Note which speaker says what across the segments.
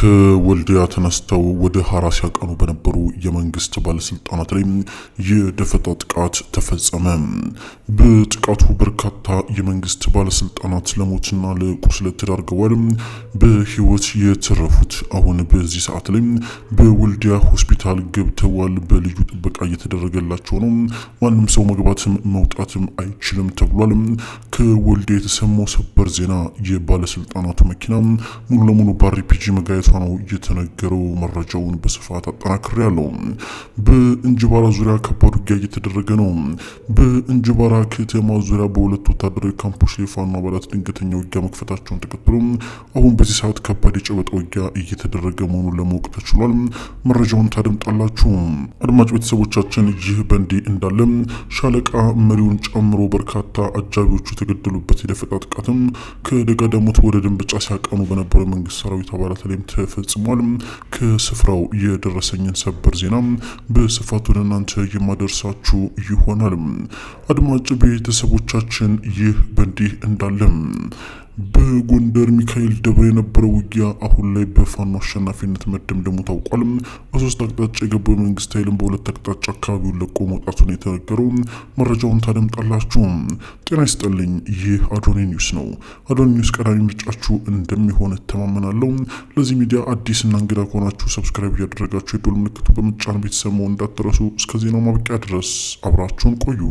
Speaker 1: ከወልዲያ ተነስተው ወደ ሀራ ሲያቀኑ በነበሩ የመንግስት ባለስልጣናት ላይ የደፈጣ ጥቃት ተፈጸመ። በጥቃቱ በርካታ የመንግስት ባለስልጣናት ለሞትና ለቁስለት ተዳርገዋል። በህይወት የተረፉት አሁን በዚህ ሰዓት ላይ በወልዲያ ሆስፒታል ገብተዋል። በልዩ ጥበቃ እየተደረገላቸው ነው። ማንም ሰው መግባትም መውጣትም አይችልም ተብሏል። ከወልዲያ የተሰማው ሰበር ዜና የባለስልጣናቱ መኪና ሙሉ ለሙሉ በአርፒጂ መጋየት መድረሷ ነው እየተነገረው። መረጃውን በስፋት አጠናክሬ ያለው። በእንጅባራ ዙሪያ ከባድ ውጊያ እየተደረገ ነው። በእንጅባራ ከተማ ዙሪያ በሁለት ወታደራዊ ካምፖች ላይ ፋኖ አባላት ድንገተኛ ውጊያ መክፈታቸውን ተከትሎ አሁን በዚህ ሰዓት ከባድ የጨበጠ ውጊያ እየተደረገ መሆኑን ለማወቅ ተችሏል። መረጃውን ታደምጣላችሁ አድማጭ ቤተሰቦቻችን። ይህ በእንዲህ እንዳለ ሻለቃ መሪውን ጨምሮ በርካታ አጃቢዎቹ የተገደሉበት የደፈጣ ጥቃትም ከደጋ ወደ ደንበጫ ሲያቀኑ በነበረው የመንግስት ሰራዊት አባላት ላይም ተፈጽሟል። ከስፍራው የደረሰኝን ሰበር ዜና በስፋት ወደ እናንተ የማደርሳችሁ ይሆናል። አድማጭ ቤተሰቦቻችን፣ ይህ በእንዲህ እንዳለ በጎንደር ሚካኤል ደብረ የነበረው ውጊያ አሁን ላይ በፋኖ አሸናፊነት መደምደሙ ታውቋል። በሶስት አቅጣጫ የገባው መንግስት ኃይልን በሁለት አቅጣጫ አካባቢውን ለቆ መውጣቱን የተነገረው መረጃውን ታደምጣላችሁ። ጤና ይስጥልኝ። ይህ አዶኔ ኒውስ ነው። አዶኔ ኒውስ ቀዳሚ ምርጫችሁ እንደሚሆን እተማመናለሁ። ለዚህ ሚዲያ አዲስና እንግዳ ከሆናችሁ ሰብስክራይብ እያደረጋችሁ የዶል ምልክቱ በመጫን ቤተሰሙ እንዳትረሱ። እስከ ዜናው ማብቂያ ድረስ አብራችሁን ቆዩ።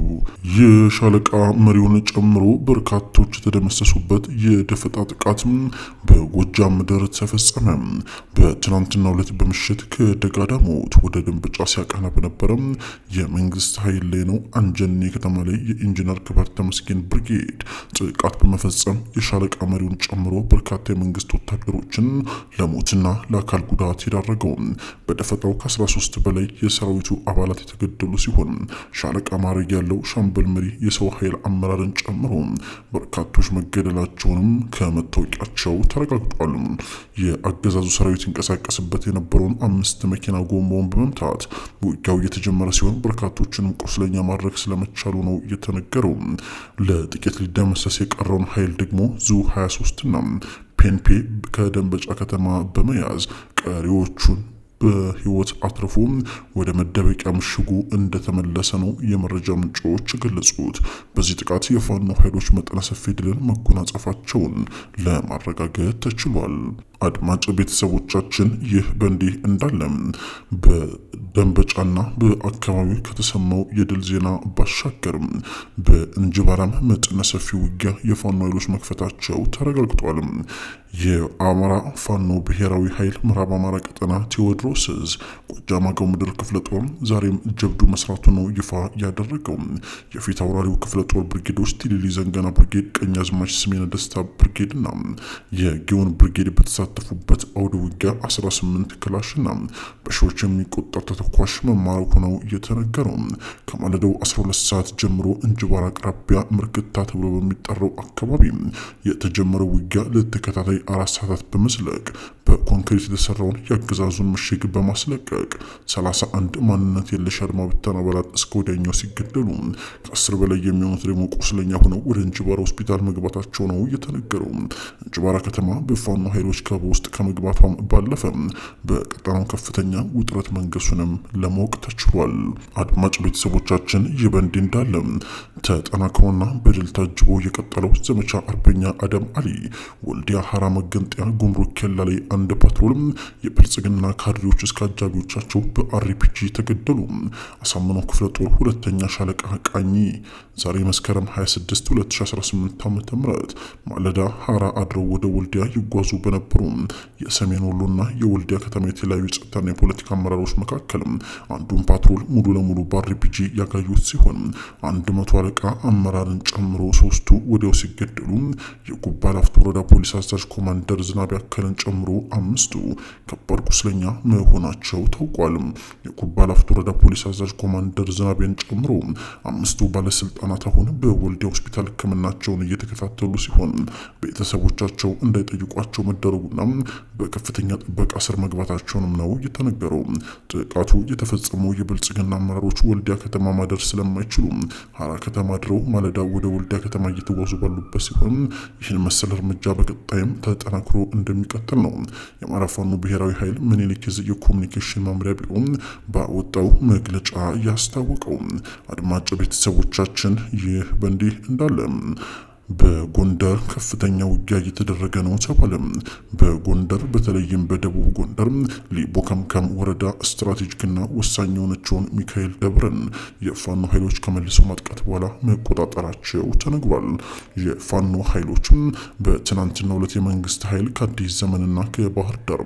Speaker 1: የሻለቃ መሪውን ጨምሮ በርካቶች የተደመሰሱበት የደፈጣ ጥቃት በጎጃም ምድር ተፈጸመ። በትናንትና ሁለት በምሽት ከደጋዳሞት ወደ ደንበጫ ሲያቀና በነበረ የመንግስት ኃይል ላይ ነው አንጀኔ ከተማ ላይ የኢንጂነር ክበር ተመስገን ምስኪን ብርጌድ ጥቃት በመፈጸም የሻለቃ መሪውን ጨምሮ በርካታ የመንግስት ወታደሮችን ለሞትና ለአካል ጉዳት የዳረገው በደፈጣው ከ13 በላይ የሰራዊቱ አባላት የተገደሉ ሲሆን ሻለቃ ማድረግ ያለው ሻምበል መሪ የሰው ኃይል አመራርን ጨምሮ በርካቶች መገደላቸውንም ከመታወቂያቸው ተረጋግጧል። የአገዛዙ ሰራዊት ይንቀሳቀስበት የነበረውን አምስት መኪና ጎማውን በመምታት ውጊያው እየተጀመረ ሲሆን በርካቶችንም ቁስለኛ ማድረግ ስለመቻሉ ነው የተነገረው። ለጥቂት ሊደመሰስ የቀረውን ኃይል ደግሞ ዙ 23ና ፔንፔ ከደንበጫ ከተማ በመያዝ ቀሪዎቹን በህይወት አትርፎ ወደ መደበቂያ ምሽጉ እንደተመለሰ ነው የመረጃ ምንጮች ገለጹት። በዚህ ጥቃት የፋኖ ኃይሎች መጠነ ሰፊ ድልን መጎናጸፋቸውን ለማረጋገጥ ተችሏል። አድማጭ ቤተሰቦቻችን ይህ በእንዲህ እንዳለም በእንበጫና በአካባቢው ከተሰማው የድል ዜና ባሻገርም በእንጅባራም መጠነ ሰፊ ውጊያ የፋኖ ኃይሎች መክፈታቸው ተረጋግጧል። የአማራ ፋኖ ብሔራዊ ኃይል ምዕራብ አማራ ቀጠና ቴዎድሮስ እዝ ጎጃም አገው ምድር ክፍለ ጦር ዛሬም ጀብዱ መስራቱ ነው ይፋ ያደረገው። የፊት አውራሪው ክፍለ ጦር ብርጌዶች ቲሊሊ ዘንገና ብርጌድ፣ አዝማች ስሜነ ደስታ ብርጌድና የጊዮን ብርጌድ በተሳተፉበት አውደ ውጊያ 18 ክላሽና በሺዎች የሚቆጠር ተተኳሽ መማረኩ ነው የተነገረው። ከማለዳው 12 ሰዓት ጀምሮ እንጅባር አቅራቢያ ምርክታ ተብሎ በሚጠራው አካባቢ የተጀመረው ውጊያ ለተከታታይ አራት ሰዓታት በመዝለቅ በኮንክሪት የተሰራውን የአገዛዙን ምሽግ በማስለቀቅ 31 ማንነት የለሽ አድማ ብተና አባላት እስከ ወዲያኛው ሲገደሉ ከአስር በላይ የሚሆኑት ደግሞ ቁስለኛ ሆነው ወደ እንጅባራ ሆስፒታል መግባታቸው ነው የተነገረው። እንጅባራ ከተማ በፋኖ ኃይሎች ከበባ ውስጥ ከመግባቷም ባለፈ በቀጠናው ከፍተኛ ውጥረት መንገሱንም ለማወቅ ተችሏል። አድማጭ ቤተሰቦቻችን ይህ በእንዲህ እንዳለ ተጠናክሮና በድል ታጅቦ የቀጠለው ዘመቻ አርበኛ አደም አሊ ወልዲያ ሀራ መገንጠያ ጉምሩክ ኬላ ላይ አንድ ፓትሮልም የብልጽግና ካድሬዎች እስከ አጃቢዎቻቸው በአርፒጂ ተገደሉ። አሳምነው ክፍለ ጦር ሁለተኛ ሻለቃ ቃኝ ዛሬ መስከረም 26 2018 ዓ ም ማለዳ ሀራ አድረው ወደ ወልዲያ ይጓዙ በነበሩ የሰሜን ወሎና የወልዲያ ከተማ የተለያዩ ጸጥታና የፖለቲካ አመራሮች መካከል አንዱን ፓትሮል ሙሉ ለሙሉ በአርፒጂ ያጋዩት ሲሆን አንድ መቶ አለቃ አመራርን ጨምሮ ሶስቱ ወዲያው ሲገደሉ የጉባ ላፍቶ ወረዳ ፖሊስ አዛዥ ኮማንደር ዝናብ ያከለን ጨምሮ አምስቱ ከባድ ቁስለኛ መሆናቸው ታውቋል የኩባ ላፍቶ ወረዳ ፖሊስ አዛዥ ኮማንደር ዝናቤን ጨምሮ አምስቱ ባለስልጣናት አሁን በወልዲያ ሆስፒታል ሕክምናቸውን እየተከታተሉ ሲሆን ቤተሰቦቻቸው እንዳይጠይቋቸው መደረጉና በከፍተኛ ጥበቃ ስር መግባታቸውንም ነው የተነገረው። ጥቃቱ የተፈጸመው የብልጽግና አመራሮች ወልዲያ ከተማ ማደር ስለማይችሉ ሀራ ከተማ አድረው ማለዳ ወደ ወልዲያ ከተማ እየተጓዙ ባሉበት ሲሆን ይህን መሰል እርምጃ በቀጣይም ተጠናክሮ እንደሚቀጥል ነው። የአማራ ፋኖ ብሔራዊ ኃይል ምኒልክ ዕዝ የኮሚኒኬሽን መምሪያ ቢሮ ባወጣው መግለጫ ያስታወቀው። አድማጭ ቤተሰቦቻችን ይህ በእንዲህ እንዳለ በጎንደር ከፍተኛ ውጊያ እየተደረገ ነው ተባለ። በጎንደር በተለይም በደቡብ ጎንደር ሊቦ ከምከም ወረዳ ስትራቴጂክና ወሳኝ የሆነችውን ሚካኤል ደብረን የፋኖ ኃይሎች ከመልሶ ማጥቃት በኋላ መቆጣጠራቸው ተነግሯል። የፋኖ ኃይሎችም በትናንትናው ዕለት የመንግስት ኃይል ከአዲስ ዘመንና ከባህር ዳር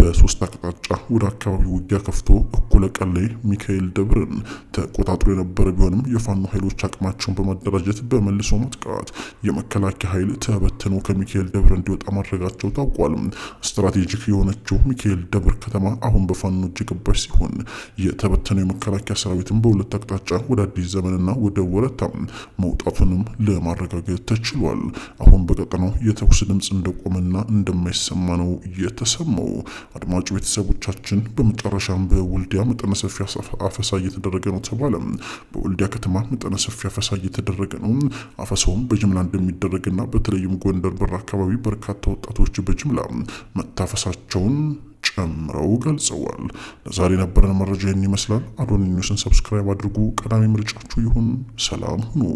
Speaker 1: በሶስት አቅጣጫ ወደ አካባቢ ውጊያ ከፍቶ እኩለ ቀን ላይ ሚካኤል ደብርን ተቆጣጥሮ የነበረ ቢሆንም የፋኖ ኃይሎች አቅማቸውን በማደራጀት በመልሶ ማጥቃት የመከላከያ ኃይል ተበትኖ ከሚካኤል ደብር እንዲወጣ ማድረጋቸው ታውቋል። ስትራቴጂክ የሆነችው ሚካኤል ደብር ከተማ አሁን በፋኖ እጅ ገባች ሲሆን የተበተነው የመከላከያ ሰራዊትን በሁለት አቅጣጫ ወደ አዲስ ዘመንና ወደ ወረታ መውጣቱንም ለማረጋገጥ ተችሏል። አሁን በቀጠናው የተኩስ ድምፅ እንደቆመና እንደማይሰማ ነው የተሰማው። አድማጭ ቤተሰቦቻችን፣ በመጨረሻም በወልዲያ መጠነ ሰፊ አፈሳ እየተደረገ ነው ተባለ። በወልዲያ ከተማ መጠነ ሰፊ አፈሳ እየተደረገ ነው። አፈሳውም በጅምላ እንደሚደረግና በተለይም ጎንደር በር አካባቢ በርካታ ወጣቶች በጅምላ መታፈሳቸውን ጨምረው ገልጸዋል። ለዛሬ የነበረን መረጃ ይህን ይመስላል። አዶኒ ኒውስን ሰብስክራይብ አድርጉ። ቀዳሚ ምርጫችሁ ይሁን። ሰላም ሁኑ።